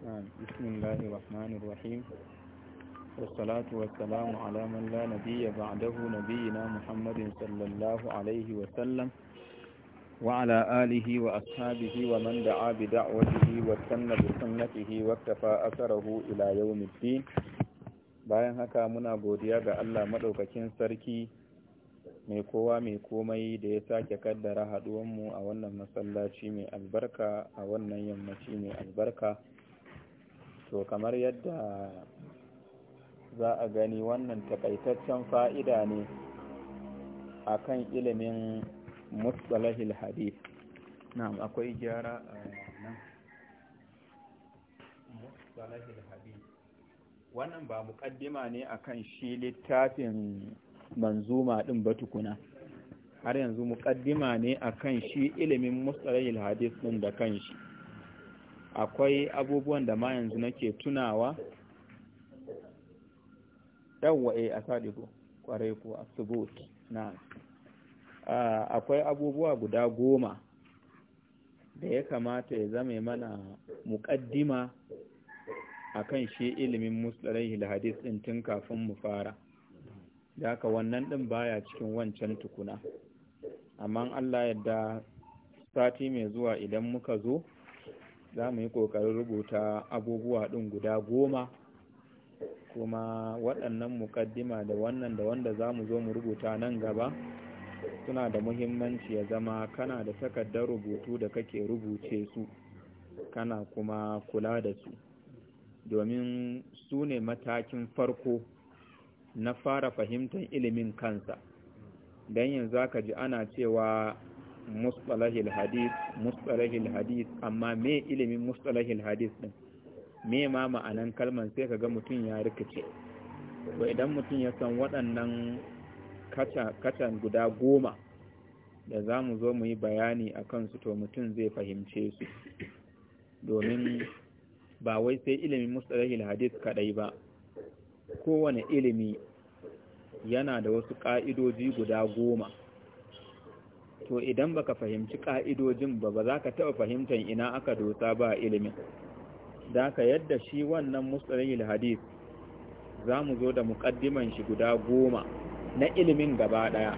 بسم الله الرحمن الرحيم والصلاة والسلام على من لا نبي بعده نبينا محمد صلى الله عليه وسلم وعلى آله وأصحابه ومن دعا بدعوته واستنى بسنته واكتفى أثره إلى يوم الدين bayan haka muna godiya ga Allah madaukakin sarki mai kowa mai komai da ya sake kaddara haɗuwanmu a wannan masallaci mai albarka a wannan yammaci mai albarka to kamar yadda za a gani wannan takaitaccen fa'ida ne a kan ilimin mutsalahil hadith na akwai gyara a nan mutsalahil hadith wannan ba muƙaddima ne akan shi littafin manzuma ɗin ba tukuna har yanzu muƙaddima ne akan shi ilimin mutsalahil hadith ɗin da kanshi akwai abubuwan da ma yanzu nake tunawa yawwa eh asadiku kwarai ko subot na akwai abubuwa guda goma da ya kamata ya zama mana muƙaddima kan shi ilimin mustalahil hadis din tun kafin mu fara da ka wannan din baya cikin wancan tukuna amma Allah yadda sati mai zuwa idan muka zo za mu yi ƙoƙarin rubuta abubuwa ɗin guda goma kuma waɗannan muƙaddima da wannan da wanda za mu zo mu rubuta nan gaba suna da muhimmanci ya zama kana da takardar rubutu da kake rubuce su kana kuma kula da su domin su ne matakin farko na fara fahimtar ilimin kansa don yanzu ka ji ana cewa mustalahil hadith mustalahil hadith amma me ilimin mustalahil hadith din me ma ma'anan kalman sai kaga mutum ya rikice to idan mutum ya san waɗannan kacan guda goma da zamu zo mu yi bayani a kansu to mutum zai fahimce su domin ba wai sai ilimin mustalahil hadith kadai ba kowane ilimi yana da wasu ƙa'idoji guda goma to idan baka fahimci ka'idojin ba ba za ka taɓa fahimtar ina aka dosa ba ilimin da ka yadda shi wannan musulun hadith za mu zo da muƙaddiman shi guda goma na ilimin gaba ɗaya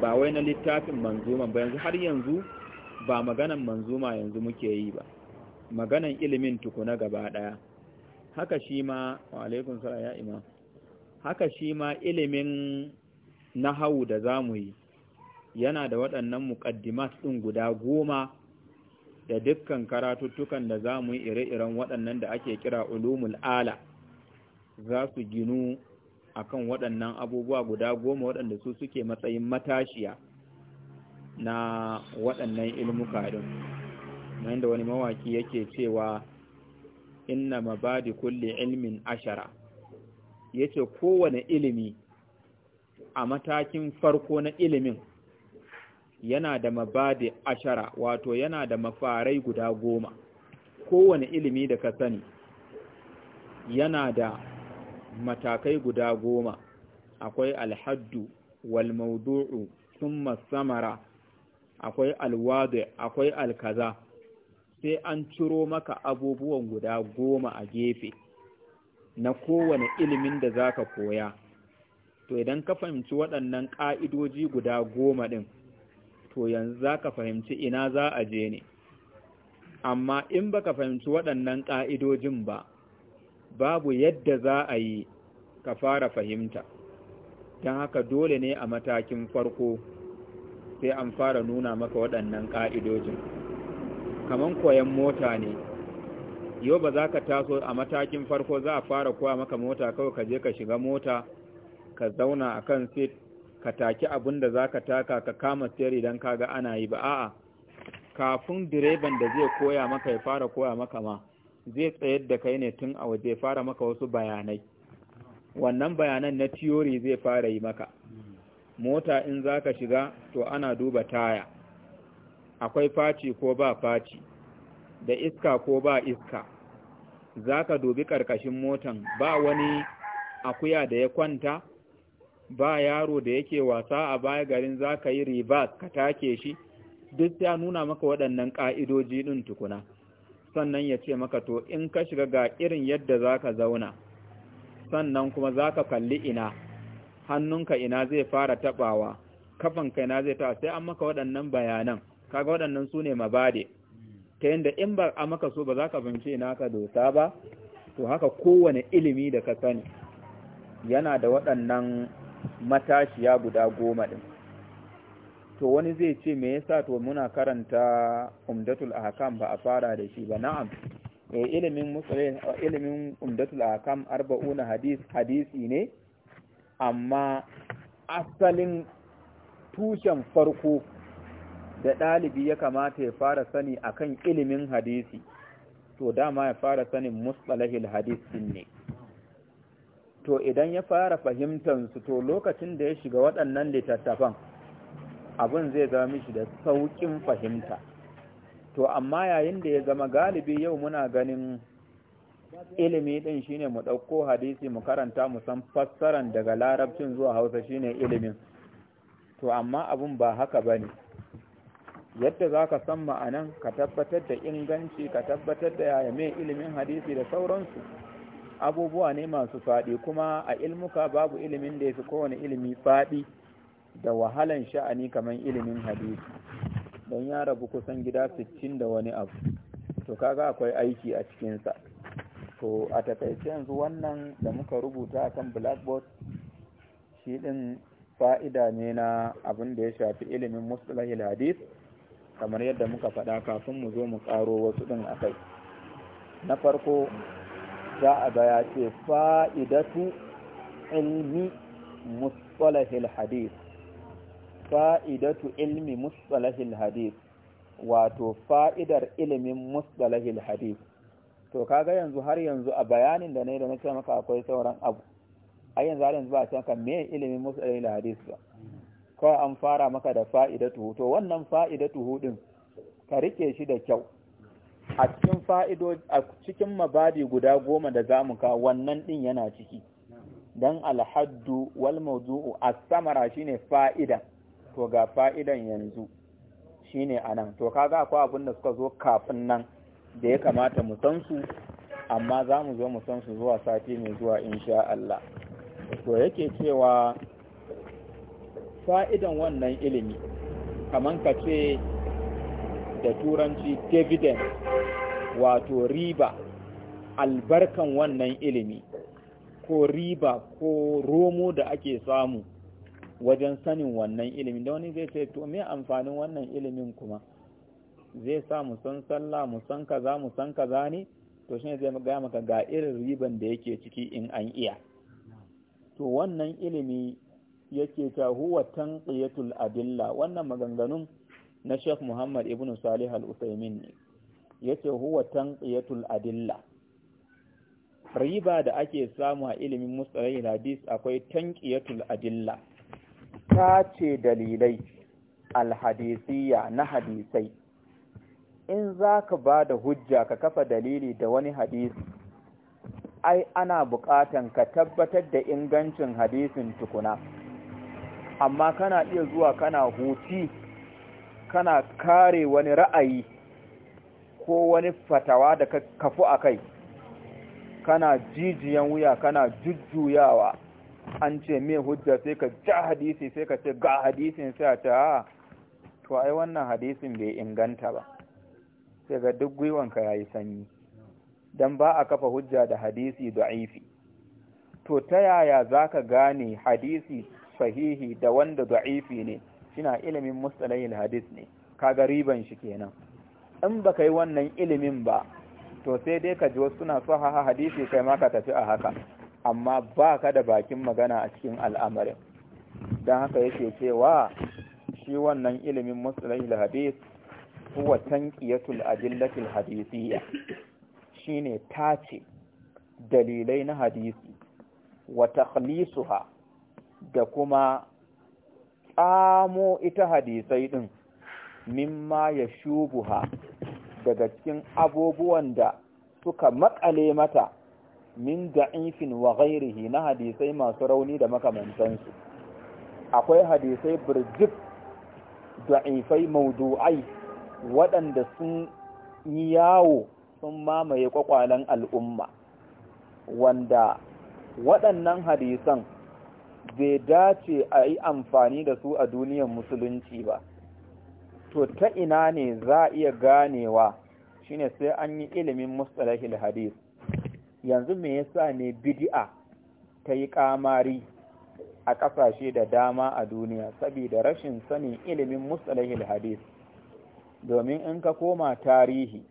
ba wai na littafin manzuma ba yanzu har yanzu ba maganan manzuma yanzu muke yi ba maganan ilimin tukuna gaba ɗaya haka shi ma alaikun ya ima haka shi ma ilimin nahawu da za mu yi yana da waɗannan muƙaddimat ɗin guda goma da dukkan karatuttukan da za mu yi ire-iren waɗannan da ake kira ulumul ala za su ginu akan waɗannan abubuwa guda goma waɗanda su suke matsayin matashiya na waɗannan ilmuka ɗin da wani mawaki yake cewa inna mabadi kulle ilmin ashara yace kowane ilimi a matakin farko na ilimin yana da mabadi ashara wato yana da mafarai guda goma kowane ilimi da ka sani yana da matakai guda goma akwai alhaddu wal mawdu'u thumma samara akwai alwadi akwai alkaza sai an ciro maka abubuwan guda goma a gefe na kowane ilimin da zaka koya to idan ka fahimci waɗannan ka'idoji guda goma ɗin to yanzu za ka fahimci ina za a je ne amma in ba ka fahimci waɗannan ƙa'idojin ba babu yadda za a yi ka fara fahimta don haka dole ne a matakin farko sai an fara nuna maka waɗannan ƙa'idojin kaman koyan mota ne yau ba za ka taso a matakin farko za a fara koya maka mota kawai ka je ka shiga mota ka zauna a kan sit ka taki abin da za ka taka ka kama siyar idan ka ga ana yi ba a'a kafin direban da zai koya maka ya fara koya maka ma zai tsayar da kai ne tun a waje fara maka wasu bayanai wannan bayanan na tiyori zai fara yi maka mota in za ka shiga to ana duba taya akwai faci ko ba faci da iska ko ba iska za ka dubi ƙarƙashin motan ba wani akuya da ya kwanta ba yaro da yake wasa a baya garin za ka yi ribas ka take shi duk ya nuna maka waɗannan ƙa'idoji ɗin tukuna sannan ya ce maka to in ka shiga ga irin yadda za ka zauna sannan kuma za ka kalli ina hannunka ina zai fara taɓawa kafanka ina zai ta sai an maka waɗannan bayanan kaga waɗannan su ne mabade ta yadda in ba a maka so ba za ka fahimci ina ka dosa ba to haka kowane ilimi da ka sani yana da waɗannan matashiya guda goma ɗin to wani zai ce me yasa to muna karanta umdatul ahkam ba a fara da shi ba na'am eh, ilimin musulun ilimin umdatul ahkam arba'una hadis hadisi ne amma asalin tushen farko da ɗalibi ya kamata ya fara sani akan ilimin hadisi to dama ya fara sanin mustalahil hadis din ne to idan ya fara fahimtansu to lokacin da ya shiga waɗannan littattafan abin zai zama mishi da sauƙin fahimta to amma yayin da ya zama galibi yau muna ganin ilimi ɗin shine mu ɗauko hadisi mu karanta mu san fassaran daga larabcin zuwa hausa shine ilimin to amma abin ba haka ba ne yadda za ka san ma'anan ka tabbatar da inganci ka tabbatar da yaya mai ilimin hadisi da sauransu abubuwa ne masu faɗi kuma a ilmuka babu ilimin da ya fi kowane ilimi faɗi da wahalan sha'ani kamar ilimin hadisi don ya rabu kusan gida 60 da wani abu to kaga akwai aiki a cikinsa to a takaice yanzu wannan da muka rubuta a kan blackboard shi ɗin fa'ida ne na abin da ya shafi ilimin musulahil hadis kamar yadda muka faɗa kafin mu zo mu ƙaro wasu ɗin akai? na farko sha'aba ya ce fa'idatu ilmi mustalahil hadith fa'idatu ilmi mustalahil hadith wato fa'idar ilimin mustalahil hadith to kaga yanzu har yanzu a bayanin da ne da na maka akwai sauran abu a yanzu har yanzu ba a canka me ilimin mustalahil hadith ba kawai an fara maka da fa'idatu to wannan fa'idatu hudin ka rike shi da kyau a cikin fa'ido a cikin mabadi guda goma da za mu ka wannan ɗin yana ciki don alhaddu wal mawdu'u a samara ne fa'ida to ga fa'idan yanzu shi shine nan to kaga akwai abin da suka zo kafin nan da ya kamata mu san su amma za mu zo mu san su zuwa sati mai zuwa insha Allah to yake cewa fa'idan wannan ilimi kamar ka ce da turanci dividend wato riba albarkan wannan ilimi ko riba ko romo da ake samu wajen sanin wannan ilimi da wani zai ce to me amfanin wannan ilimin kuma zai sa mu san sallah mu san kaza mu san kaza ne to shine zai ga maka ga irin riban da yake ciki in an iya to wannan ilimi yake ta huwa tanqiyatul adilla wannan maganganun na Sheikh Muhammad ibn Salih al-Utsaimin ne yace huwa tanqiyatul adilla riba da ake samu a ilimin mustalahil hadis akwai tanqiyatul adilla ta ce dalilai alhadisiyya na hadisai in zaka da hujja ka kafa dalili da wani hadisi ai ana buƙatan ka tabbatar da ingancin hadisin tukuna amma kana iya zuwa kana huti kana kare wani ra'ayi ko wani fatawa da ka kafu a kai kana jijiyan wuya kana jujjuyawa an ce mai hujja sai ka ja hadisi sai ka ce ga hadisin sai a ce ha ah, to ai wannan hadisin bai inganta ba sai ga duk gwiwanka ya yi sanyi don ba a kafa hujja da hadisi da'ifi to ta yaya za ka gane hadisi sahihi da wanda da'ifi ne shina ilimin mustalayin hadis ne kaga riban shi kenan in baka yi wannan ilimin ba to sai dai ka ji wasu suna sahaha hadisi kai ma ka tafi a haka amma ba ka da bakin magana a cikin al'amarin don haka yake cewa shi wannan ilimin mustalayin hadith huwa tanqiyatul adillatil hadithiyya shine tace dalilai na hadisi wa da kuma tsamo ita hadisai din mimma ya shubuha daga cikin abubuwan da suka makale mata min da'ifin wa ghairihi na hadisai masu rauni da makamantansu akwai hadisai birjik da'ifai maudu'ai waɗanda sun yi yawo sun mamaye kwakwalen al'umma wanda waɗannan hadisan bai dace a yi amfani da su a duniyar musulunci ba to ta ina ne za a iya ganewa shine sai an yi ilimin mustalahil hadis? yanzu me yasa ne bidi'a ta yi kamari a ƙasashe da dama a duniya saboda rashin sanin ilimin mustalahil hadis? domin in ka koma tarihi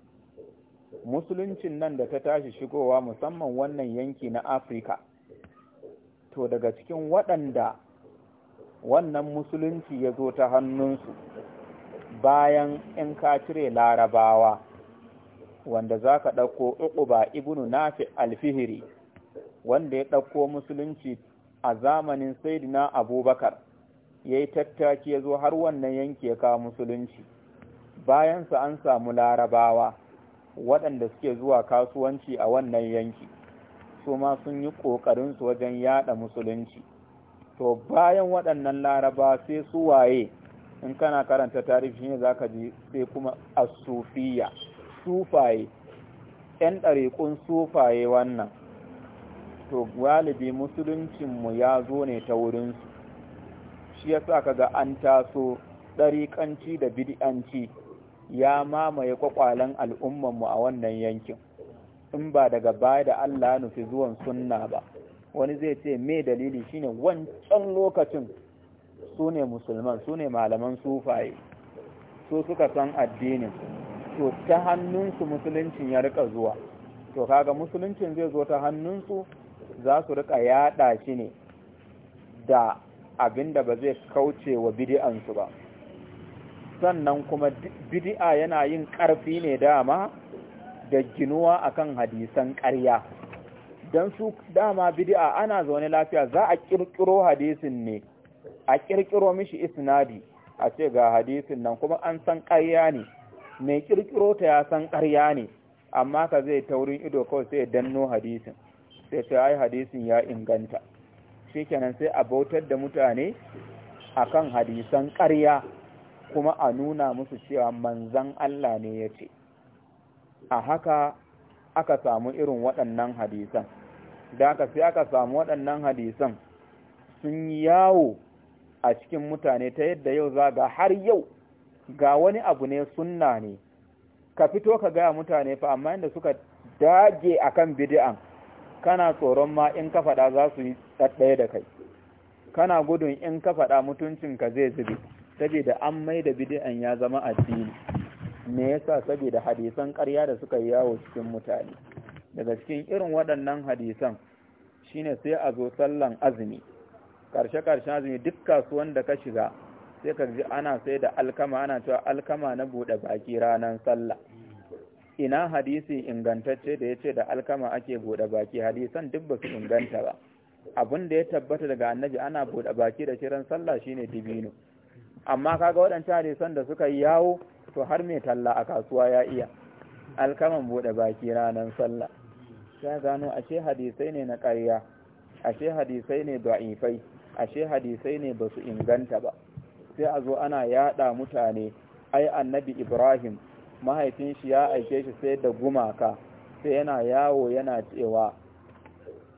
musuluncin nan da ta tashi shigowa musamman wannan yanki na afirka to daga cikin waɗanda wannan musulunci ya zo ta hannunsu bayan in ka cire larabawa wanda za ka ɗauko uquba ibnu nafi alfihiri wanda ya ɗauko musulunci a zamanin saidina abubakar ya yi tattaki ya zo har wannan yanki ya kawo musulunci bayansa an samu larabawa waɗanda suke zuwa kasuwanci a wannan yanki su ma sun yi ƙoƙarinsu wajen yaɗa musulunci to bayan waɗannan laraba sai su waye in kana karanta tarihi za zaka ji sai kuma as-sufiyya sufaye 'yan ɗariƙun sufaye wannan to galibi musuluncinmu ya zo ne ta wurinsu shi ya sa kaga an taso ɗariƙanci da bid'anci ya mamaye kwakwalen al'ummanmu a wannan yankin in ba daga baya da Allah ya nufi zuwan sunna ba wani zai ce me dalili shine wancan lokacin su ne musulman su ne malaman sufaye su suka san addinin to ta hannunsu musuluncin ya rika zuwa to kaga musuluncin zai zo ta hannunsu za su rika yada shi ne da abinda ba zai kauce wa bidi'ansu ba sannan kuma bidi'a yana yin ƙarfi ne dama da ginuwa akan hadisan ƙarya don su dama bid'a ana zaune lafiya za a ƙirƙiro hadisin ne a ƙirƙiro mishi isnadi a ce ga hadisin nan kuma an san ƙarya ne mai ƙirƙiro ta ya san ƙarya ne amma ka zai taurin ido kawai sai danno hadisin sai ta yi hadisin ya inganta shikenan sai a bautar da mutane akan hadisan ƙarya kuma a nuna musu cewa manzan Allah ne ya ce a haka aka samu irin waɗannan hadisan da aka sai aka samu waɗannan hadisan sun yi yawo a cikin mutane ta yadda yau za ga har yau ga wani abu ne sunna ne ka fito ka gaya mutane fa amma inda suka dage a kan bidi'an, kana tsoron ma in ka faɗa za su yi ɗaɗɗaya da kai kana gudun in ka faɗa mutuncinka zai zube saboda an mai da bidi'an ya zama addini me yasa saboda hadisan ƙarya da suka yi yawo cikin mutane daga cikin irin waɗannan hadisan shine sai a zo sallan azumi karshe karshen azumi duk kasuwan da ka shiga sai ka ji ana sai da alkama ana cewa alkama na buɗe baki ranar sallah ina hadisi ingantacce da ya ce da alkama ake buɗe baki hadisan duk ba su inganta ba abin da ya tabbata daga annabi ana buɗe baki da shirin sallah shine dibino amma kaga waɗancan hadisan da suka yi yawo to har mai talla a kasuwa ya iya alkaman bude baki ranar sallah ta gano ashe hadisai ne na ƙarya ashe hadisai ne da'ifai ashe hadisai ne ba su inganta ba sai a zo ana yada mutane ai annabi ibrahim mahaifin shi ya aike shi sai da gumaka sai yana yawo yana cewa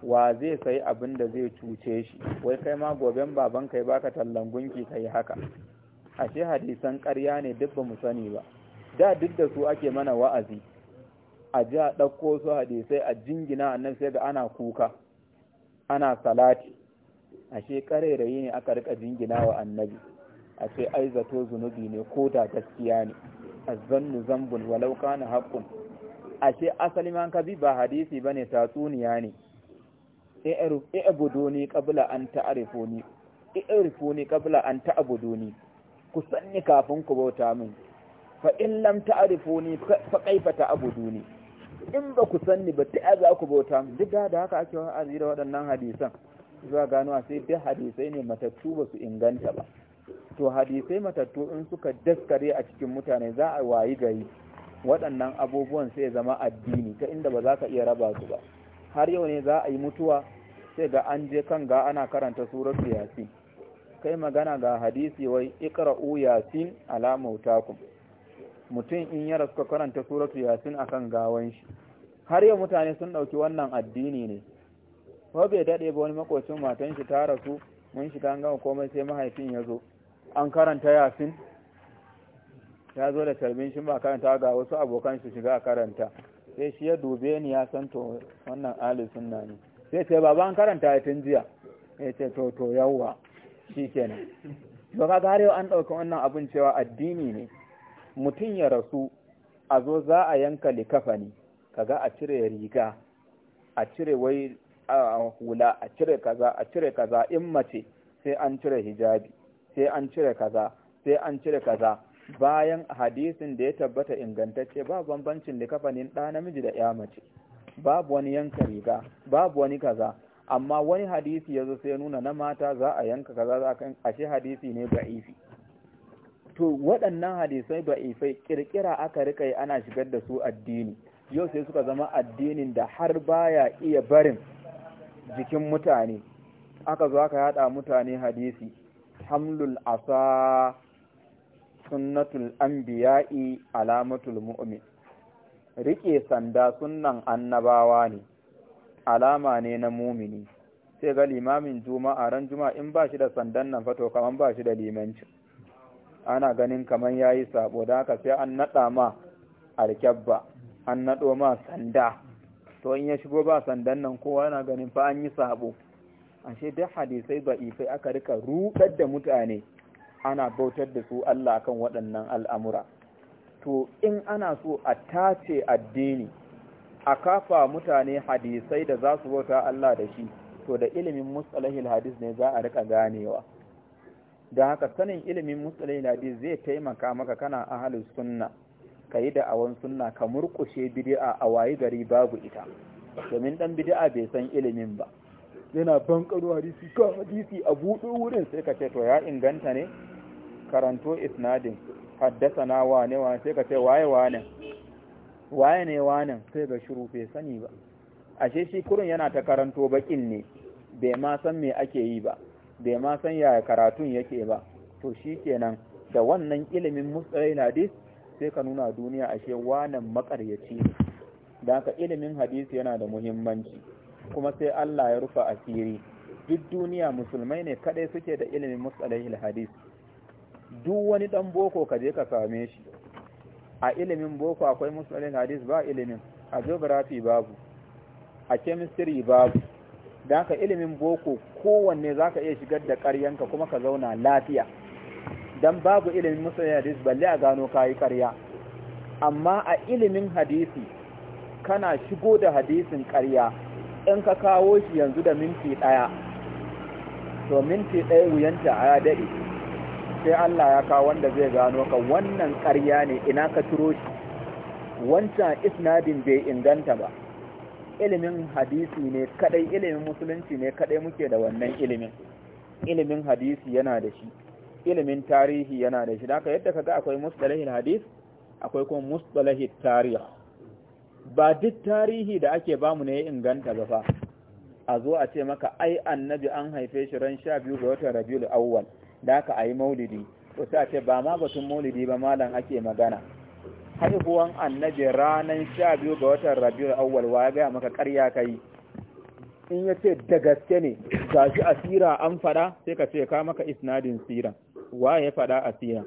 wa zai sai abin da zai cuce shi wai kai ma goben baban kai baka tallan gunki kai haka ashe hadisan ƙarya ne duk ba mu sani ba da duk da su ake mana wa'azi a ji a ɗauko su hadisai a jingina annan sai ga ana kuka ana salati ashe ƙarairayi ne aka rika jingina wa annabi ashe ai zato zunubi ne ko da gaskiya ne azzannu zambun walau kana haqqun ashe asali man ka bi ba hadisi bane tatsuniya ne i'buduni qabla an ta'rifuni Budoni. qabla an ta'buduni ku sanni kafin ku bauta min fa in lam ta'rifuni fa kaifa ta'buduni in ba ku sanni ba ta za ku bauta min duk da haka ake wa'azi da waɗannan hadisan zuwa gano a sai dai hadisai ne matattu ba su inganta ba to hadisai matattu in suka daskare a cikin mutane za a wayi gari waɗannan abubuwan sai zama addini ta inda ba za ka iya raba su ba har yau ne za a yi mutuwa sai ga an je kan ga ana karanta suratul yasin kai magana ga hadisi wai ikra'u yasin ala mautakum mutum in ya rasu karanta suratu yasin akan gawan shi har yau mutane sun dauki wannan addini ne ko bai dade ba wani makocin matan shi ta rasu mun shiga an gama komai sai mahaifin ya zo an karanta yasin ya zo da tarbin shi ba karanta ga wasu abokan su shiga karanta sai shi ya dube ni ya san to wannan ali sunna ne sai ce baba an karanta ya tun jiya ya ce to to yawwa shi kenan to ka gare yau an ɗauki wannan abin cewa addini ne mutum ya rasu a zo za a yanka likafani kaga a cire riga a cire wai a hula a cire kaza a cire kaza in mace sai an cire hijabi sai an cire kaza sai an cire kaza bayan hadisin da ya tabbata ingantacce ba bambancin likafanin ɗa namiji da ya mace babu wani yanka riga babu wani kaza amma wani hadisi yazo zo ya nuna na mata za a yanka kaza za a ashe hadisi ne ba'ifi to waɗannan hadisai ba'ifai kirkira aka rika yi ana shigar da su addini yau sai suka zama addinin da har baya iya barin jikin mutane aka zo aka yada mutane hadisi hamlul asa sunnatul anbiya'i alamatul mu'min rike sanda sunnan annabawa ne alama ne na mumini sai ga limamin juma'a ran juma'a in ba shi da sandan nan fato kaman ba shi da limanci ana ganin kaman ya yi sabo da haka sai an naɗa ma alkyabba an naɗo ma sanda to in ya shigo ba sandan nan kowa yana ganin fa an yi sabo ashe duk hadisai ba'ifai aka rika rudar da mutane ana bautar da su Allah kan waɗannan al'amura to in ana so a tace addini a kafa mutane hadisai da za su bauta Allah da shi to da ilimin mustalahil hadis ne za a rika ganewa da haka sanin ilimin mustalahil hadis zai taimaka maka kana ahlus sunna kayi da awan sunna ka murkushe bidi'a a wayi gari babu ita domin dan bid'a bai san ilimin ba yana bankaro hadisi ka hadisi a buɗe wurin sai ka ce to ya inganta ne karanto isnadin haddasa na wane wane sai ka ce waye wane waye ne wanan sai ga shiru fe sani ba ashe shi kurun yana ta karanto bakin ne bai ma san me ake yi ba bai ma san yaya karatun yake ba to shi kenan da wannan ilimin mustalahil hadis sai ka nuna duniya ashe wanan makaryaci ne da ka ilimin hadisi yana da muhimmanci kuma sai Allah ya rufa asiri duk duniya musulmai ne kadai suke da ilimin mustalahil hadis duk wani dan boko ka je ka same shi a ilimin boko akwai musulun hadis ba ilimin a geography babu a chemistry babu don ka ilimin boko kowanne za ka iya shigar da karyanka kuma ka zauna lafiya don babu ilimin musulun hadis balle a gano ka yi karya amma a ilimin hadisi kana shigo da hadisin karya in ka kawo shi yanzu da minti ɗaya to minti ɗaya wuyanta a daɗe sai Allah ya kawo wanda zai gano ka wannan ƙarya ne ina ka turo shi wancan isnadin bai inganta ba ilimin hadisi ne kadai ilimin musulunci ne kadai muke da wannan ilimin ilimin hadisi yana da shi ilimin tarihi yana da shi da haka yadda kaga akwai musdalahil hadis akwai kuma musdalahil tarih ba duk tarihi da ake bamu ne ya inganta ba fa a zo a ce maka ai annabi an haife shi ran 12 ga watan Rabiul Awwal da aka a yi maulidi ko sai a ce ba ma batun maulidi ba malam ake magana haihuwan annabi ranar sha biyu ga watan rabiul awwal wa ya gaya maka karya kai in ya ce da gaske ne ga shi asira an fada sai ka ce ka maka isnadin sira wa ya fada asira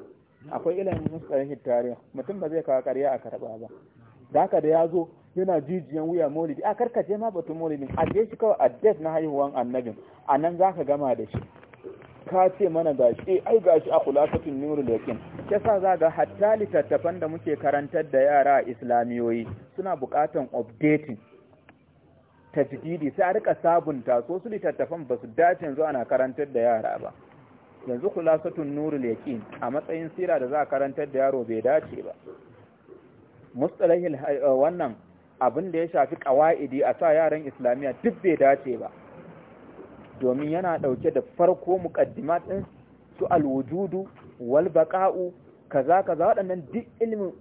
akwai ilimin musulun tarihi mutum ba zai kawo karya a karba ba da haka da ya zo yana jijiyan wuya maulidi a karkace ma batun maulidi a je shi kawai a na haihuwan annabin a nan za ka gama da shi ka ce mana gashi ai gashi a khulasatin nurul yakin kesa zaga hatta littattafan da muke karantar da yara islamiyoyi suna buƙatan updating tajdidi sai a rika sabunta so su littattafan ba su dace yanzu ana karantar da yara ba yanzu kulasatun nurul yaqin a matsayin sira da za a karantar da yaro bai dace ba mustalahil eh, wannan abin da ya shafi qawaidi a sa yaran islamiya duk bai dace ba domin yana ɗauke da farko muƙaddimat ɗin su alwujudu wal baqa'u kaza kaza waɗannan duk ilmin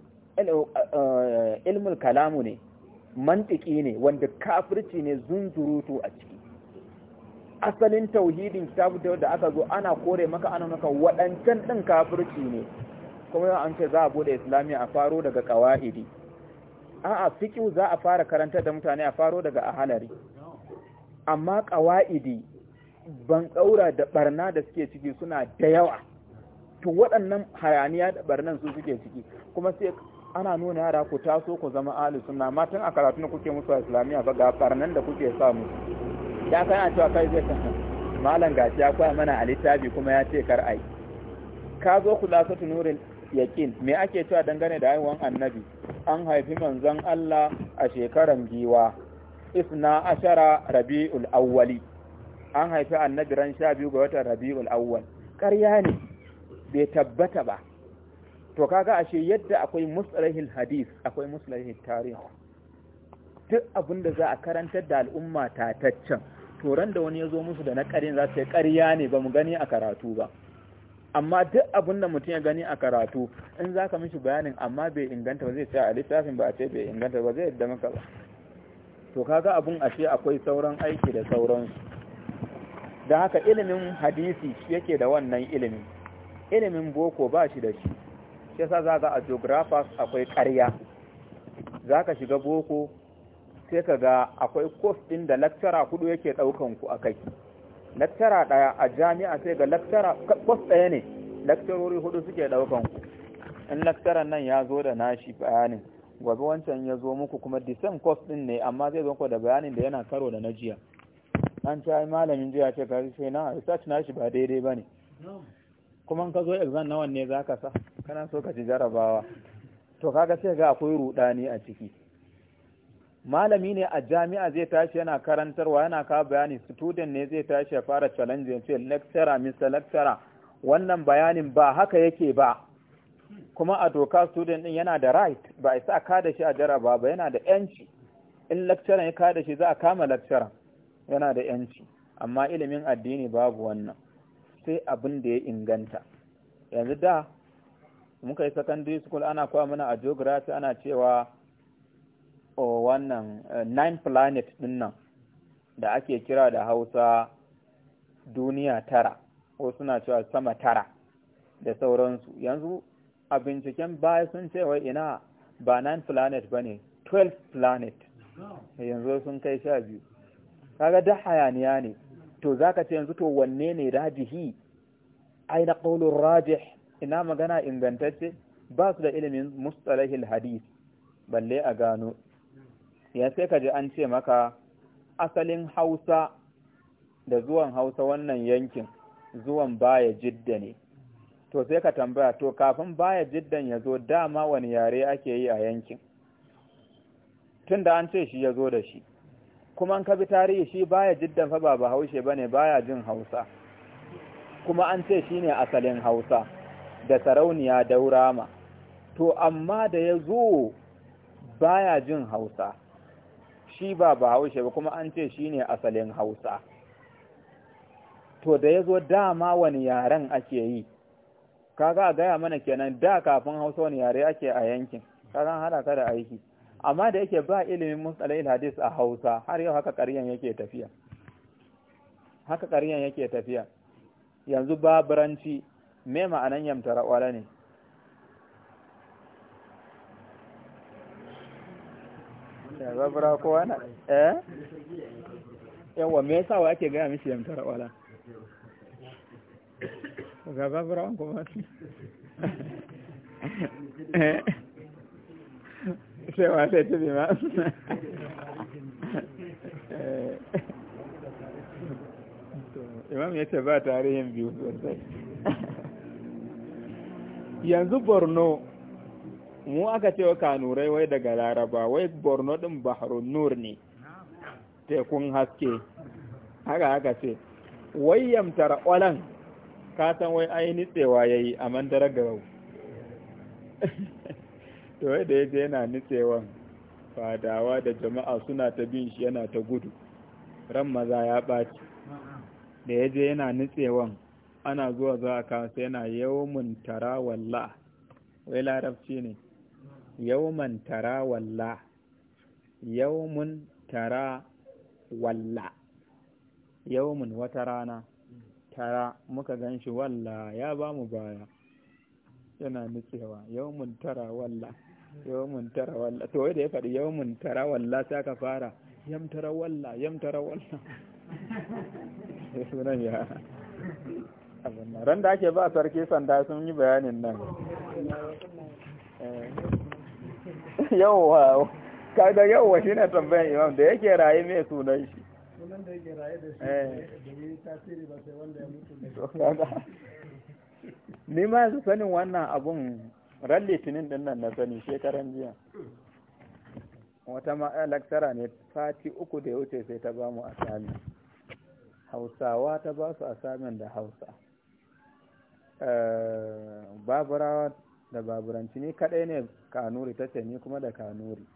uh, uh, ilmul kalamu ne mantiki ne wanda kafirci ne zunzurutu a ciki asalin tauhidin kitabu da aka zo ana kore maka ana maka waɗancan ɗin kafirci ne kuma yau an ce za a bude islamiyya a faro daga ƙawa'idi a'a fikiu za a fara karanta da mutane a faro daga ahalari amma ƙawa'idi banƙaura da barna da suke ciki suna da yawa to waɗannan hayaniya da barnan su suke ciki kuma sai ana nuna yara ku taso ku zama ahli sunna matan a karatu kuke musu islamiyya ba ga barnan da kuke sa musu ya kana cewa kai zai ta malam gashi ya koya mana a littafi kuma ya ce kar ai ka zo ku lasa tunurin yakin me ake cewa dangane da haihuwan annabi an haifi manzon Allah a shekaran giwa isna ashara rabi'ul awwali an haifi annabi ran sha biyu ga watan rabi'ul awwal ƙarya ne bai tabbata ba to kaga ashe yadda akwai muslahil hadis, akwai muslahil tarihi duk da za a karantar da al'umma tataccen to ran da wani ya zo musu da na ƙarin za su yi ƙarya ne ba mu gani a karatu ba amma duk abin da mutum ya gani a karatu in za ka mishi bayanin amma bai inganta ba zai ce a littafin ba a ce bai inganta ba zai yadda maka ba to kaga abun ashe akwai sauran aiki da sauransu da haka ilimin hadisi yake da wannan ilimi ilimin boko ba shi da shi shi sa za a geographers akwai ƙarya za ka shiga boko sai ka ga akwai course ɗin da lakcara hudu yake ɗaukan ku a kai lakcara ɗaya a jami'a sai ga lakcara course ɗaya ne lakcarori hudu suke ɗaukan ku in lakcaran nan ya zo da nashi bayanin gobe wancan ya zo muku kuma the same course ɗin ne amma zai zo ku da bayanin da yana karo da na jiya an ci ai malamin jiya ce ka sai na research na shi ba daidai ba ne kuma ka zo exam na wanne za ka sa kana so ka ci jarabawa to kaga sai ga akwai rudani a ciki malami ne a jami'a zai tashi yana karantarwa yana ka bayani student ne zai tashi ya fara challenge ya ce lecturer mr lecturer wannan bayanin ba haka yake ba kuma a doka student din yana da right ba isa ka da shi a jaraba ba yana da yanci in lecturer ya ka da shi za a kama lecturer yana da yanci amma ilimin addini babu wannan sai abin da ya inganta yanzu da muka yi secondary school ana koya mana a geography ana cewa wannan eh, nine planet din nan da ake kira da hausa duniya tara ko suna cewa sama tara da sauransu yanzu a binciken baya sun cewa ina ba nine planet ba ne twelve planet yanzu sun kai sha biyu kaga da hayaniya ne to zaka ce yanzu to wanne ne rajihi aina qawlur rajih ina magana ingantacce ba su da ilimin mustalahil hadith balle a gano ya sai ka an ce maka asalin Hausa da zuwan Hausa wannan yankin zuwan baya jidda ne to sai ka tambaya to kafin baya jiddan ya zo dama wani yare ake yi a yankin Tunda da an ce shi ya zo da shi kuma an kabi tarihi shi baya jiddan fa ba bahaushe bane baya jin hausa kuma an ce shine asalin hausa da sarauniya daurama to amma da ya zo baya jin hausa shi ba bahaushe ba kuma an ce shine asalin hausa to da ya zo dama wani yaren ake yi kaga a gaya mana kenan da kafin hausa wani yare ake a yankin kaga hada ka da aiki amma da yake ba ilimin musalai hadis a Hausa har yau haka ƙaryan yake tafiya haka ƙaryan yake tafiya yanzu ba baburanci me ma'anan yamtara wala ne babura kowa na eh yawa me sawa ake gaya mishi yamtara wala ga babura kuma eh sai eh. imam ya ce ba tarihin biyu sosai yanzu borno mu aka ce wa kanurai wai daga laraba wai borno ɗin baharun nur ne tekun haske haka haka ce wai yamtar olan kasan wai ainihin tsewa ya yi a Mandara garau to da ya yana nitsewan fadawa da jama'a suna ta bin shi yana ta gudu ran maza ya ɓaci da ya je yana nitsewan ana zuwa za a kasa yana yawon tara walla wai larabci ne yawon tara walla yawon tara walla yawon wata rana tara muka gan shi walla ya ba mu baya yana nitsewa yawon tara walla yawmun tara walla to wai da ya faɗi yawmun tara walla sai aka fara yam tara walla yam tara walla sunan ya abin ran da ake ba sarki sanda sun yi bayanin nan eh. yawwa kaga yawwa ne tambayan imam da yake raye mai sunan shi sunan da yake da shi eh. tasiri ba sai wanda ya mutu ne ni ma yanzu sanin wannan abun ran litinin din nan na sani shekaran jiya wata eh, laktara ne sati uku da ya wuce sai ta ba mu asamin hausawa ta ba su asamin da hausa eh, baburawa da baburanci ne kadai ne kanuri ta ce ni kuma da kanuri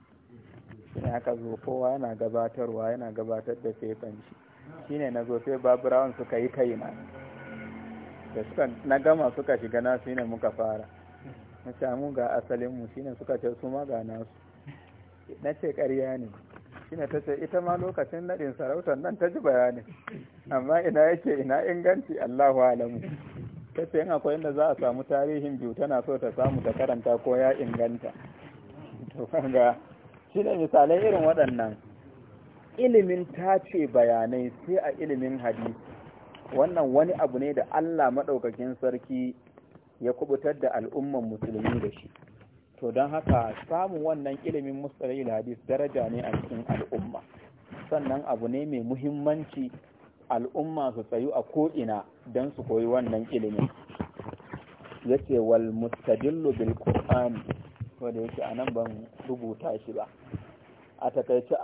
sai aka zo kowa yana gabatarwa yana gabatar da fefan shi shine na zo sai baburawan suka yi na, da suka na gama suka shiga nasu ne muka fara na samu ga asalinmu shine suka ce su ma ga na ce ƙarya ne shine ta ce ita ma lokacin naɗin sarautar nan ta ji bayanin amma ina yake ina inganci Allahu alamu ta ce yin akwai inda za a samu tarihin biyu tana so ta samu ta karanta ko ya inganta to shine misalai irin waɗannan ilimin ta ce bayanai sai a ilimin hadisi wannan wani abu ne da Allah maɗaukakin sarki ya kubutar da al'umman musulmi da shi to don haka samun wannan ilimin musulmi hadis daraja ne a cikin al'umma sannan abu ne mai muhimmanci al'umma su tsayu a ko'ina don su koyi wannan ilimin ya ce wal mustadillu bil qur'ani da yake a nan ban rubuta shi ba a takaice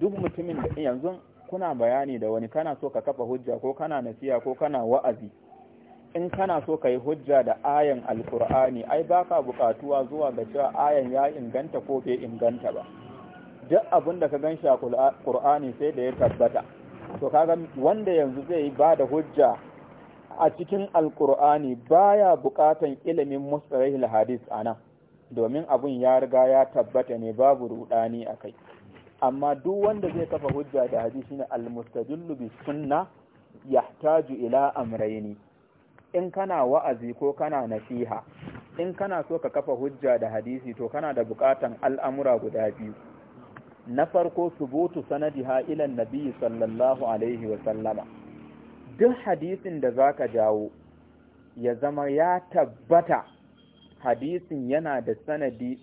duk mutumin da yanzu kuna bayani da wani kana so ka kafa hujja ko kana nasiya ko kana wa'azi in kana so ka yi hujja da ayan alkur'ani ai ba ka bukatuwa zuwa ga cewa ayan ya inganta ko bai inganta ba duk abin da ka gan shi a ƙur'ani sai da ya tabbata to kaga wanda yanzu zai yi ba da hujja a cikin alkur'ani baya bukatan ilimin mustalahil hadis nan, domin abun ya riga ya tabbata ne babu rudani a kai. amma duk wanda zai kafa hujja da hadisi ne al mustajillu bi sunna yahtaju ila amrayni in kana wa'azi ko kana nasiha in kana so ka kafa hujja da hadisi to kana da bukatan al'amura guda biyu na farko subutu sanadi hailan nabi sallallahu alaihi wa sallama duk hadisin da zaka jawo ya zama ya tabbata hadisin yana da sanadi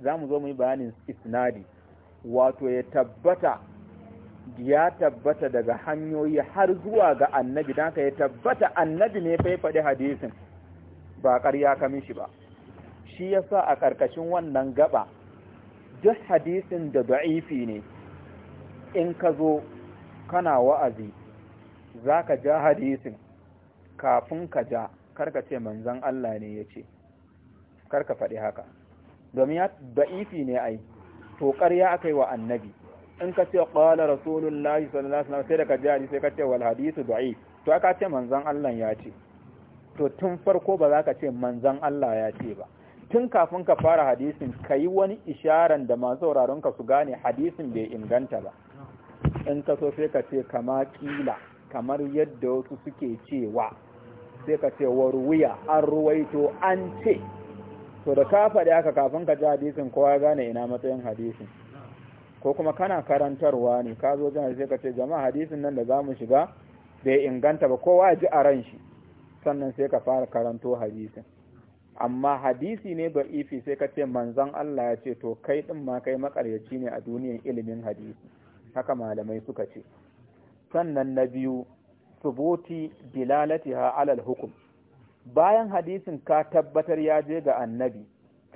za mu zo mu yi bayanin isnadi wato ya tabbata ya tabbata daga hanyoyi har zuwa ga annabi don ka ya tabbata annabi ne fai faɗi hadisin ba ƙarya ka mishi ba shi ya sa a ƙarƙashin wannan gaba duk hadisin da da'ifi ne in ka zo kana wa'azi za ka ja hadisin kafin ka ja karka ce manzan Allah ne ya ce karka faɗi haka domin da'ifi ne ai to ƙarya aka yi wa annabi in ka ce qala rasulullahi sallallahu alaihi wasallam sai daga jari sai ka ce wal hadithu da'i to aka ce manzon Allah ya ce to tun farko ba za ka ce manzon Allah ya ce ba tun kafin ka fara hadisin kayi wani isharan da masu sauraron ka su gane hadisin bai inganta ba in ka so sai ka ce kama kila kamar yadda wasu suke cewa sai ka ce warwiya an ruwaito an ce to da ka faɗi haka kafin ka ji hadisin kowa gane ina matsayin hadisin ko kuma kana karantarwa ne ka zo jana sai ka ce jama'a hadisin nan da za mu shiga bai inganta ba kowa ji a ran shi sannan sai ka fara karanto hadisin amma hadisi ne ba ifi sai ka ce manzon Allah ya ce to kai din ma kai makaryaci ne a duniyar ilimin hadisi haka malamai suka ce sannan na biyu subuti dilalatiha alal hukum bayan hadisin ka tabbatar ya je ga annabi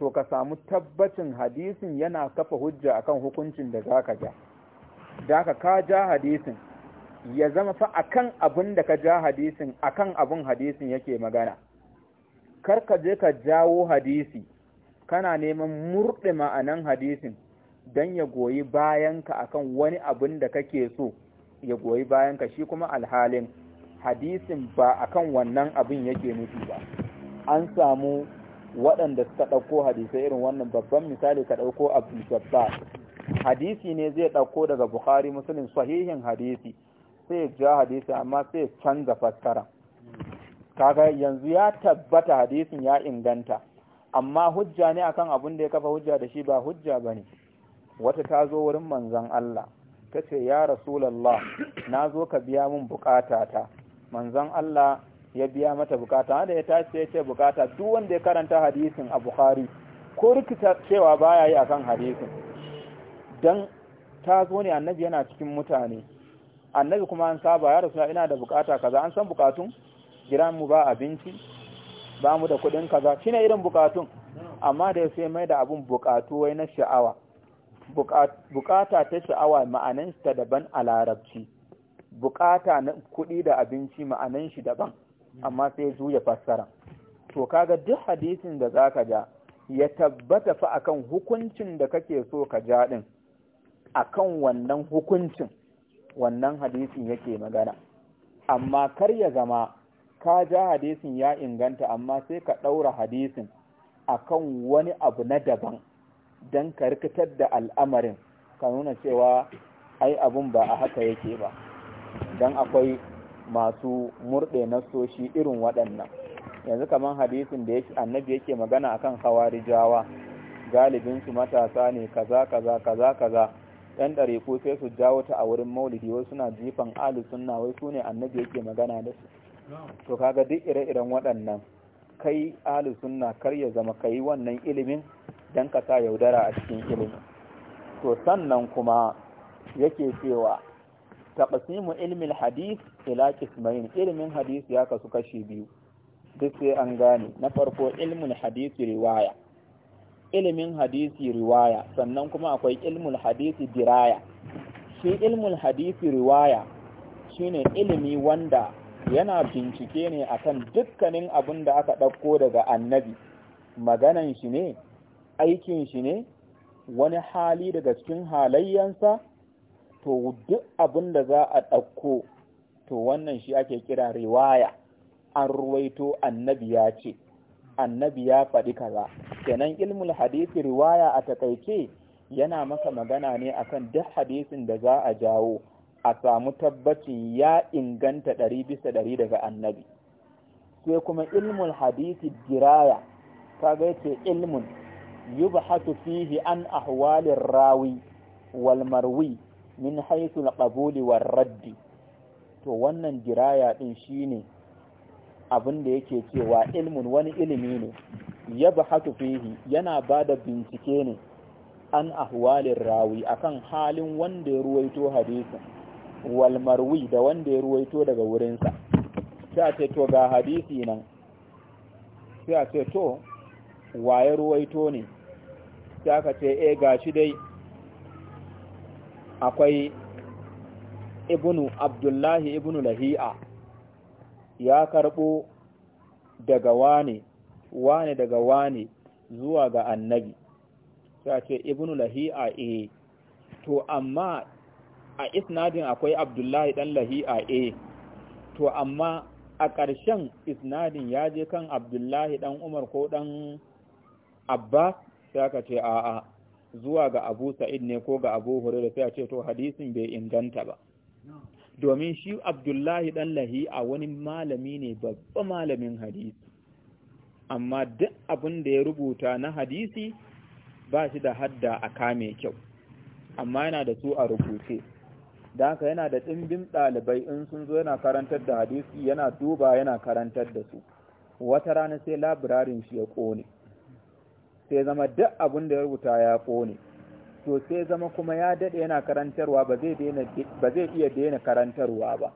to ka samu tabbacin hadisin yana kafa hujja akan hukuncin da za ka ja da ka ka ja hadisin ya zama fa akan abin da ka ja hadisin akan abin hadisin yake magana kar ka je ka jawo hadisi kana neman murɗe ma'anan hadisin don ya goyi bayanka akan wani abin da kake so ya goyi bayanka shi kuma alhalin hadisin ba akan wannan abin yake nufi ba an samu waɗanda suka ɗauko hadisai irin wannan babban misali ka ɗauko abdulsabbat hadisi ne zai ɗauko daga bukhari musulun sahihin hadisi sai ja hadisi amma sai canza fassara kaga yanzu ya tabbata hadisin ya inganta amma hujja ne akan abin da ya kafa hujja da shi ba hujja ba ne wata ta zo wurin manzon Allah ta ce ya rasulallah na zo ka biya min bukatata manzon Allah ya biya mata bukata wanda ya tashi ya ce bukata duk wanda ya karanta hadisin a bukhari ko rikita cewa baya yi a kan hadisin dan ta zo ne annabi yana cikin mutane annabi kuma an saba ya rasu ina da bukata kaza an san bukatun giran mu ba abinci ba mu da kudin kaza shine irin bukatun amma da sai mai da abun bukatu wai na sha'awa bukata ta sha'awa ma'anin ta daban a larabci bukata na kudi da abinci ma'anin shi daban amma sai ya juya fassara to kaga duk hadisin da zaka ja ya tabbata fa akan hukuncin da kake so ka ja din akan wannan hukuncin wannan hadisin yake magana amma kar ya zama ka ja hadisin ya inganta amma sai ka ɗaura hadisin akan wani abu na daban don ka rikitar da al'amarin ka nuna cewa ai abun ba a haka yake ba don akwai masu murɗe nasoshi irin waɗannan yanzu kamar hadisin da annabi yake magana a kan hawarijawa galibin su matasa ne kaza kaza kaza kaza ɗan ɗariku sai su jawo ta a wurin maulidi wai suna jifan alu sunna wai su ne annabi yake magana da su to kaga duk ire-iren waɗannan kai alu sunna kar ya zama kai wannan ilimin dan ka sa yaudara a cikin ilimin to sannan kuma yake cewa taqsimu ilmin hadith ila qismayn ilmin hadith ya kasu kashi biyu duk sai an gane na farko ilmin hadisi riwaya ilimin hadisi riwaya sannan kuma akwai ilmin hadisi diraya shi ilmin hadisi riwaya shine ilimi wanda yana bincike ne akan dukkanin abin da aka ɗauko daga annabi maganan shi ne aikin shi ne wani hali daga cikin halayyansa to duk abin da za a ɗauko to wannan shi ake kira riwaya an ruwaito annabi ya ce annabi ya faɗi kaza kenan ilmul hadisi riwaya a takaice yana maka magana ne akan duk hadisin da za a jawo a samu tabbacin ya inganta ɗari bisa ɗari daga annabi sai kuma ilmul hadisi diraya kaga ce ilmun yubhatu fihi an ahwalin rawi wal marwi min haisu na ƙabuli wa raddi to wannan diraya ɗin shi ne abin da yake cewa ilmin wani ilimi ne ya ba haka fihi yana ba da bincike ne an ahwalin rawi akan halin wanda ya ruwaito hadisin walmarwi da wanda ya ruwaito daga wurinsa sai a ce to ga hadisi nan sai ce to waye ruwaito ne sai ce e shi dai akwai ibnu abdullahi ibnu lahi'a ya karbo daga wane wane daga wane zuwa ga annabi sai ce ibnu lahi'a e to amma a isnadin akwai abdullahi dan lahi'a e to amma a ƙarshen isnadin ya je kan abdullahi dan umar ko dan abba sai aka ce a'a zuwa ga Abu Sa'id ne ko ga Abu Hurairah sai a ce to hadisin bai inganta ba domin shi Abdullahi dan Lahi a wani malami ne babba malamin hadisi amma duk abin da ya rubuta na hadisi ba shi da hadda a kame kyau amma yana da su a rubuce da haka yana da ɗimbin ɗalibai in sun zo yana karantar da hadisi yana duba yana karantar da su wata rana sai labirarin shi ya ƙone sai zama duk abin da ya rubuta ya ƙone to sai zama kuma ya daɗe yana karantarwa ba zai iya daina karantarwa ba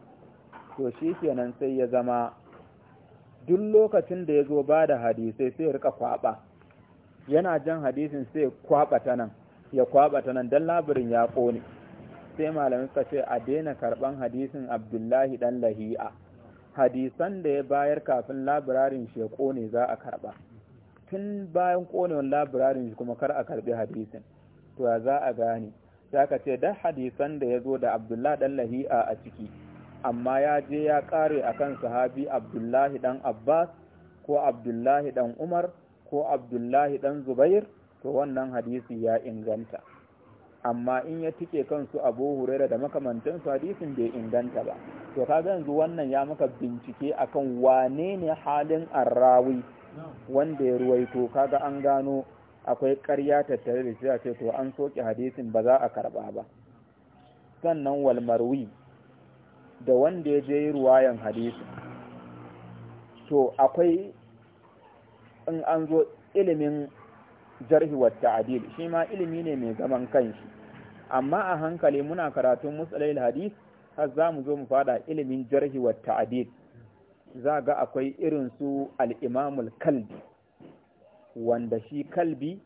to shi kenan sai ya zama duk lokacin da ya zo ba da hadisai sai rika kwaɓa yana jan hadisin sai ya kwaɓa ta nan don labirin ya ƙone sai malamin suka ce a daina karɓan hadisin abdullahi ɗan lahi'a hadisan da ya bayar kafin labirarin shi ya ƙone za a karɓa tun bayan konewan labirarin shi kuma kar a karbi hadisin to ya za a gane ta ka ce da hadisan da ya zo da abdullahi dan lahi'a a ciki amma ya je ya kare akan sahabi abdullahi dan abbas ko abdullahi dan umar ko abdullahi dan zubair to wannan hadisi ya inganta amma in ya tike kansu abu huraira da makamantansu hadisin bai inganta ba to ka yanzu wannan ya maka bincike akan wane ne halin arrawi wanda ya ruwaito kaga an gano akwai ƙarya tattare da shi a ce to an soke hadisin ba za a karba ba sannan walmarwi da wanda ya je ruwayan hadisin to akwai in an zo ilimin jarhi wa ta'dil shi ma ilimi ne mai zaman kanshi amma a hankali muna karatun musalil hadis har za mu zo mu fada ilimin jarhi wa ta'dil za ga akwai irin su al'imamul kalbi wanda shi kalbi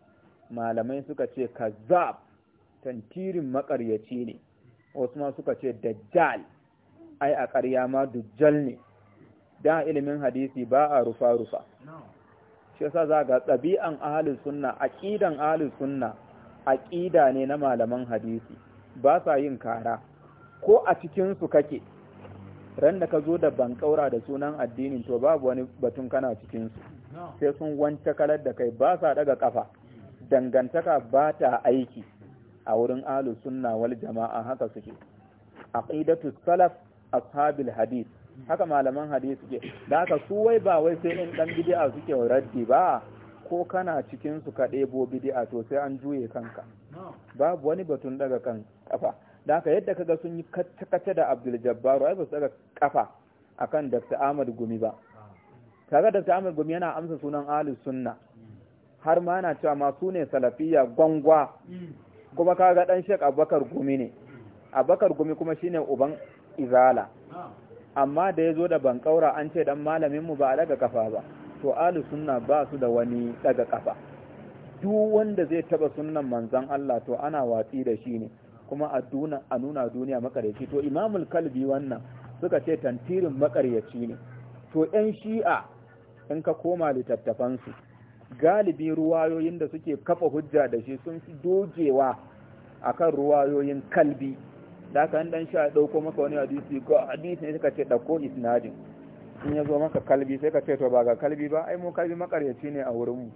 malamai suka ce kazab tantirin makaryaci ne wasu ma suka ce dajjal ai a ƙarya ma dujjal ne da ilimin hadisi ba a rufa-rufa shi yasa za ga ɗabi'an ahalin sunna aƙidan ahalin sunna aƙida ne na malaman hadisi ba sa yin kara ko a cikinsu kake ran da ka zo da ban kaura da sunan addinin to babu wani batun kana cikinsu sai sun wance kalar da kai ba sa daga kafa dangantaka ba ta aiki a wurin alu sunna wal jama'a haka suke aqidatu salaf ashabil hadith haka malaman hadith suke da haka su wai ba wai sai in dan bid'a suke raddi ba ko kana cikin su ka ɗebo bid'a to sai an juye kanka babu wani batun daga kan kafa da haka yadda kaga sun yi kata da Abdul Jabbaru ai ba su daga kafa akan Dr. Ahmad Gumi ba kaga Dr. Ahmad Gumi yana amsa sunan Ali Sunna har ma yana cewa masu ne salafiya gwangwa kuma kaga dan shek Abubakar Gumi ne Abubakar Gumi kuma shine uban Izala amma da ya zo da ban kaura an ce dan malamin mu ba a daga kafa ba to Ali Sunna ba su da wani daga kafa duk wanda zai taba sunnan manzon Allah to ana watsi da shi ne kuma a nuna duniya makaryaci to imamul kalbi wannan suka ce tantirin makaryaci ne to ‘yan shi'a in ka koma littattafansu galibi ruwayoyin da suke kafa hujja da shi sun fi dogewa a kan ruwayoyin kalbi da aka ɗan sha ɗauko maka wani hadisi ko hadisi ne suka ce ɗauko isnadin in ya zo maka kalbi sai ka ce to ba ga kalbi ba ai mu kalbi makaryaci ne a wurinmu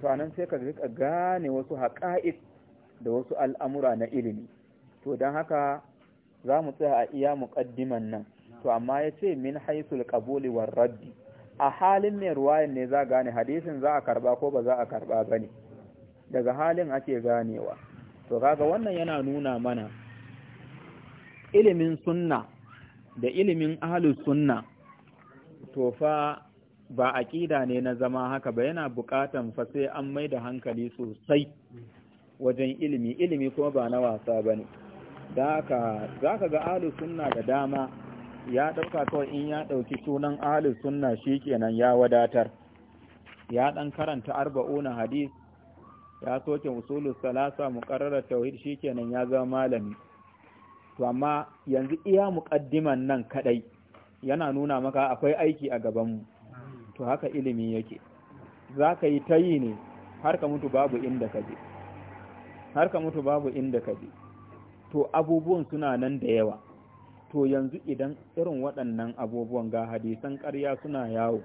to anan sai ka rika gane wasu haƙa'iq da wasu al'amura na ilimi to don haka za mu tsaya a iya muƙaddiman nan to amma ya ce min haisul ƙabuli rabbi raddi a halin mai ruwayen ne za gane hadisin za a karba ko ba za a karba ba ne daga halin ake ganewa to kaga wannan yana nuna mana ilimin sunna da ilimin ahalus sunna to fa ba aƙida ne na zama haka ba yana buƙatan fa sai an mai da hankali sosai wajen ilimi ilimi kuma ba na wasa ba ne za ka ga ahalus sunna da dama ya ɗauka kawai in ya ɗauki sunan ahalus sunna shi nan ya wadatar ya ɗan karanta arba'una hadis ya soke usulus salasa muƙarrarar tauhid shi kenan ya zama malami to amma yanzu iya muƙaddiman nan kaɗai yana nuna maka akwai aiki a gaban mu to haka ilimi yake za ka yi ta ne har ka mutu babu inda ka je har ka mutu babu inda ka je to abubuwan suna nan da yawa to yanzu idan irin waɗannan abubuwan ga hadisan ƙarya suna yawo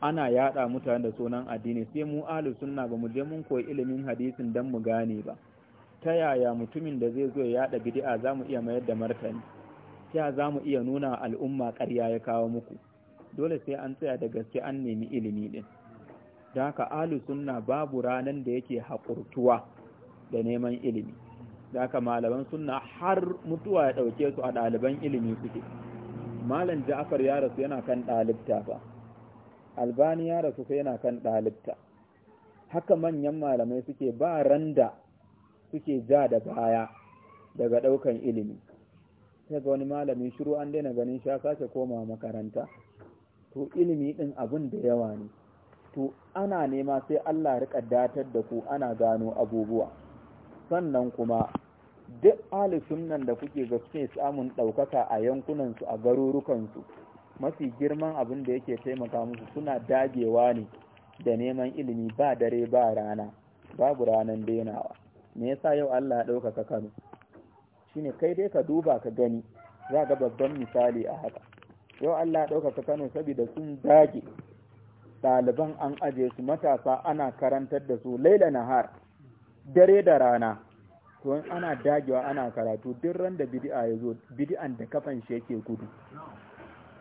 ana yada mutane da sunan addini sai mu ahlu sunna ba mu je mun koyi ilimin hadisin dan mu gane ba ta yaya mutumin da zai zo ya yada bid'a za mu iya mayar da martani ta za mu iya nuna al'umma ƙarya ya kawo muku dole sai an tsaya da gaske an nemi ilimi din da haka ahlu sunna babu ranan da yake haƙurtuwa da neman ilimi da haka malaman sunna har mutuwa ya ɗauke su a ɗaliban ilimi suke malam Jafar ya rasu yana kan ɗalibta fa albani ya rasu sai yana kan ɗalibta haka manyan malamai suke ba randa suke ja da baya daga ɗaukan ilimi sai ga wani malami shiru an daina ganin sha sace koma makaranta to ilimi ɗin abun da yawa ne to ana nema sai Allah riƙa datar da ku ana gano abubuwa sannan kuma duk alifin nan da kuke ga suke samun ɗaukaka a yankunansu a garurukansu mafi girman abin da yake taimaka musu suna dagewa ne da neman ilimi ba dare ba rana babu ranan denawa me yasa yau Allah ya ɗaukaka Kano shine kai dai ka duba ka gani za ga babban misali a haka yau Allah ya ɗaukaka Kano saboda sun dage ɗaliban an aje su matasa ana karantar da su laila nahar dare da rana to ana dagewa ana karatu duk ran da bid'a ya zo bid'an da kafan shi yake gudu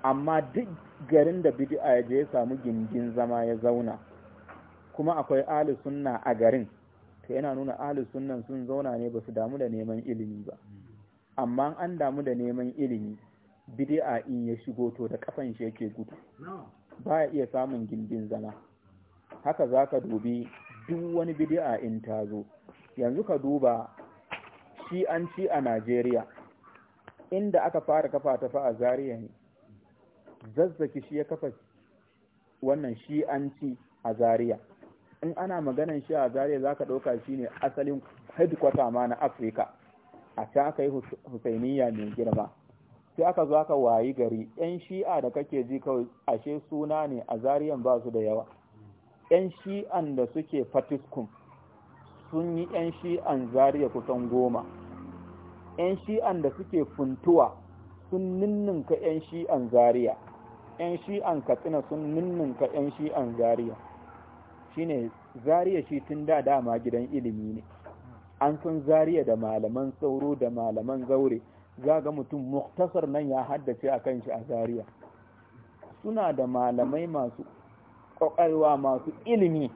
amma duk garin da bid'a ya je ya samu gingin zama ya zauna kuma akwai ahli sunna a garin to yana nuna ahli sunnan sun zauna ne ba su damu da neman ilimi ba amma an damu da neman ilimi bid'a in ya shigo to da kafan shi yake gudu ba ya iya samun gindin zama haka zaka dubi duk wani bidi'a in ta zo yanzu ka duba shi an ci a Najeriya inda aka fara kafa ta fa a Zaria ne zazzaki shi ya kafa wannan shi an ci a Zaria in ana maganan shi a Zaria zaka dauka shine asalin headquarter ma na Africa a ta aka yi mai girma sai aka zo aka wayi gari yan shi'a da kake ji kawai ashe suna ne a Zariyan ba su da yawa 'yan shi'an da suke fatiskum sun yi 'yan shi'an zariya kusan goma 'yan shi'an da suke funtuwa sun ninninka 'yan shi'an zariya 'yan shi'an katsina sun ninninka 'yan shi'an zariya ne zariya shi tun da dama gidan ilimi ne an san zariya da malaman sauro da malaman zaure za ga mutum muktasar nan ya haddace a kan shi a zariya suna da malamai masu kwakwalwa masu ilimi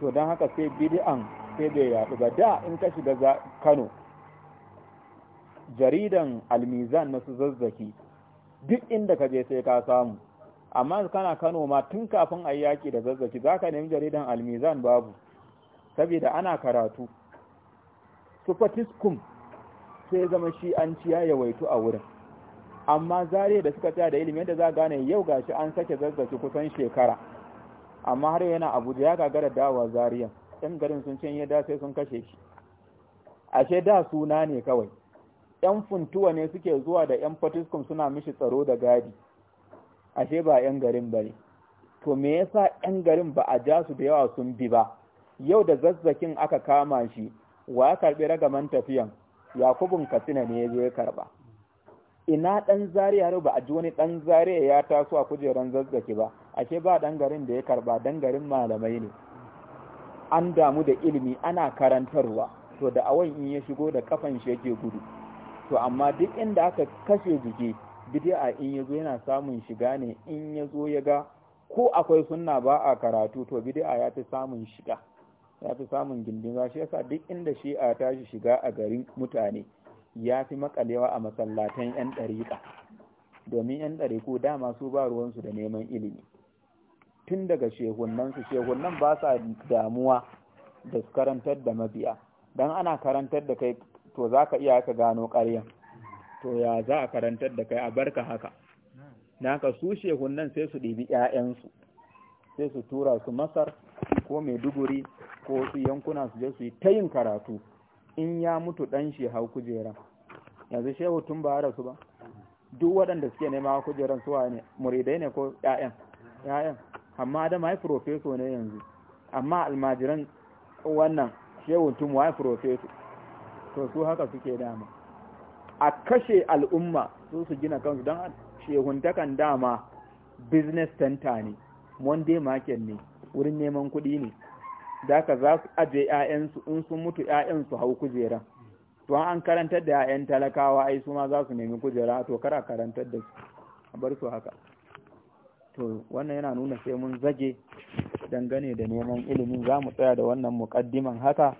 to don haka sai bidi'an sai bai yaɗu ba da in ka shiga kano jaridan almizan na su zazzaki duk inda ka je sai ka samu amma kana kano ma tun kafin a yaki da zazzaki za ka nemi jaridan almizan babu saboda ana karatu su sai zama shi an ciya yawaitu a wurin amma zare da suka tsaya da ilimin da za gane yau ga shi an sake zazzaki kusan shekara amma har yana abuja ya gagara dawa zariya yan garin sun ce da sai sun kashe shi ashe da suna ne kawai yan funtuwa ne suke zuwa da yan fatiskum suna mishi tsaro da gadi ashe ba yan garin ba ne to me yasa yan garin ba a ja su da yawa sun bi ba yau da zazzakin aka kama shi wa ya karɓi ragaman tafiyan yakubun katsina ne ya zo ya karba ina ɗan zariya ba a ji wani ɗan zariya ya taso a kujeran zazzaki ba ake ba dan garin da ya karba dan garin malamai ne an damu da ilimi ana karantarwa to da awan in ya shigo da kafan shi yake gudu to amma duk inda aka kashe jiki bid'a in yazo yana samun shiga ne in yazo ya ga ko akwai sunna ba a karatu to bid'a ya fi samun shiga ya fi samun gindin shi yasa duk inda shi'a ta shi shiga a garin mutane ya fi makalewa a masallatan 'yan ɗariƙa domin 'yan ɗariƙo dama su ba ruwansu da neman ilimi tun daga shehunansu shehunan ba sa damuwa da su karantar da mabiya don ana karantar da kai to za ka iya ka gano ƙaryan to ya za a karantar da kai a barka haka Na ka su shehunan sai su ɗibi 'ya'yansu sai su tura su masar ko maiduguri ko wasu yankuna su je su yi ta yin karatu in ya mutu ɗan shi hau kujera yanzu shehu tun ba rasu ba duk waɗanda suke nema kujeran suwa ne muridai ne ko 'ya'yan 'ya'yan amma da ai profeso ne yanzu amma almajiran wannan shehun tumu ai profeso to su haka suke dama a kashe al'umma su su gina kansu don shehuntakan dama business center ne monday market ne wurin neman kuɗi ne da ka za su aje 'ya'yansu in sun mutu 'ya'yansu hau kujera to an karantar da 'ya'yan talakawa ai su ma za su nemi kujera to kar a karantar da su bar su haka to wannan yana nuna sai mun zage dangane da neman ilimin za mu tsaya da wannan mukaddiman haka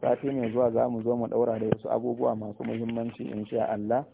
sati mai zuwa za mu zo mu ɗaura da wasu abubuwa masu muhimmanci in sha Allah